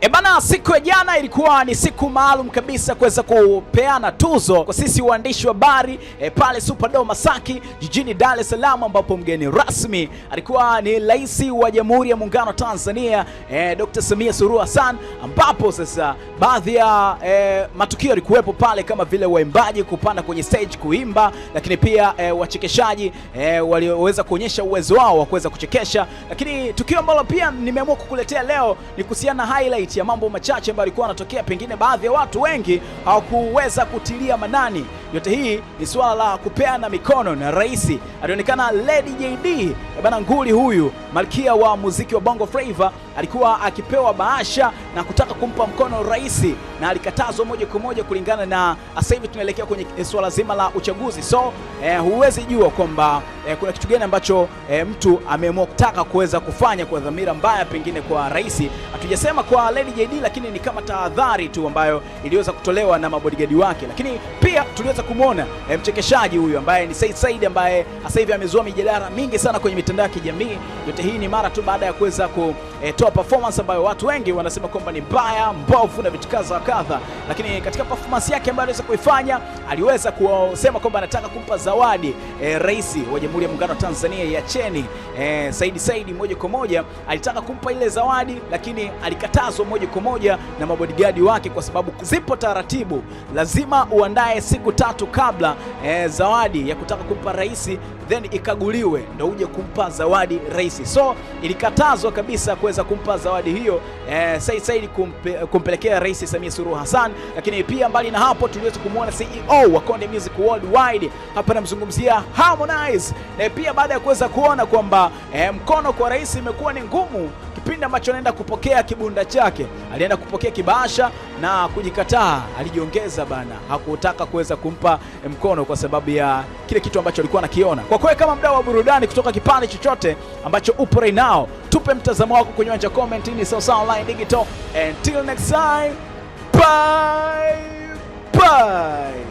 Ebana, eh, siku ya jana ilikuwa ni siku maalum kabisa kuweza kupeana tuzo kwa sisi waandishi wa habari e, pale Superdome Masaki jijini Dar es Salaam, ambapo mgeni rasmi alikuwa ni Rais wa Jamhuri ya Muungano wa Tanzania e, eh, Dr. Samia Suluhu Hassan, ambapo sasa baadhi ya e, matukio yalikuwepo pale kama vile waimbaji kupanda kwenye stage kuimba, lakini pia e, wachekeshaji e, walioweza kuonyesha uwezo wao wa kuweza kuchekesha, lakini tukio ambalo pia nimeamua kukuletea leo ni kuhusiana na highlight ya mambo machache ambayo alikuwa anatokea, pengine baadhi ya watu wengi hawakuweza kutilia manani yote hii ni suala la kupeana mikono na rais alionekana Lady JD eh, bana nguli, huyu malkia wa muziki wa Bongo Flava alikuwa akipewa bahasha na kutaka kumpa mkono rais, na alikatazwa moja kwa moja, kulingana na ah, sasa hivi tunaelekea kwenye eh, swala zima la uchaguzi. So eh, huwezi jua kwamba eh, kuna kitu gani ambacho eh, mtu ameamua kutaka kuweza kufanya kwa dhamira mbaya, pengine kwa rais. Hatujasema kwa Lady JD, lakini ni kama tahadhari tu ambayo iliweza kutolewa na mabodigadi wake, lakini pia tuliweza umeweza kumwona e, eh, mchekeshaji huyu ambaye ni Said Said ambaye sasa hivi amezua mijadala mingi sana kwenye mitandao ya kijamii. Yote hii ni mara tu baada ya kuweza kutoa eh, performance ambayo watu wengi wanasema kwamba ni mbaya, mbovu na vitu kadha wa kadha, lakini katika performance yake ambayo aliweza kuifanya aliweza kusema kwamba anataka kumpa zawadi e, rais wa Jamhuri ya Muungano wa Tanzania ya cheni e, Said Said moja kwa moja alitaka kumpa ile zawadi, lakini alikatazwa moja kwa moja na mabodigadi wake, kwa sababu zipo taratibu, lazima uandae siku tatu tatu kabla e, zawadi ya kutaka kumpa rais then ikaguliwe ndo uje kumpa zawadi rais. So ilikatazwa kabisa kuweza kumpa zawadi hiyo e, Said Said kumpe, kumpelekea Rais Samia Suluhu Hassan. Lakini pia mbali na hapo tuliweza kumwona CEO wa Konde Music Worldwide, hapa namzungumzia Harmonize. Na eh, pia baada ya kuweza kuona kwamba e, mkono kwa rais imekuwa ni ngumu Kipindi ambacho anaenda kupokea kibunda chake, alienda kupokea kibasha na kujikataa, alijiongeza bana, hakutaka kuweza kumpa mkono kwa sababu ya kile kitu ambacho alikuwa anakiona. Kwa kweli, kama mdau wa burudani kutoka kipande chochote ambacho upo right now, tupe mtazamo wako kwenye uwanja comment. ni Sawasawa online digital, until next time, bye bye.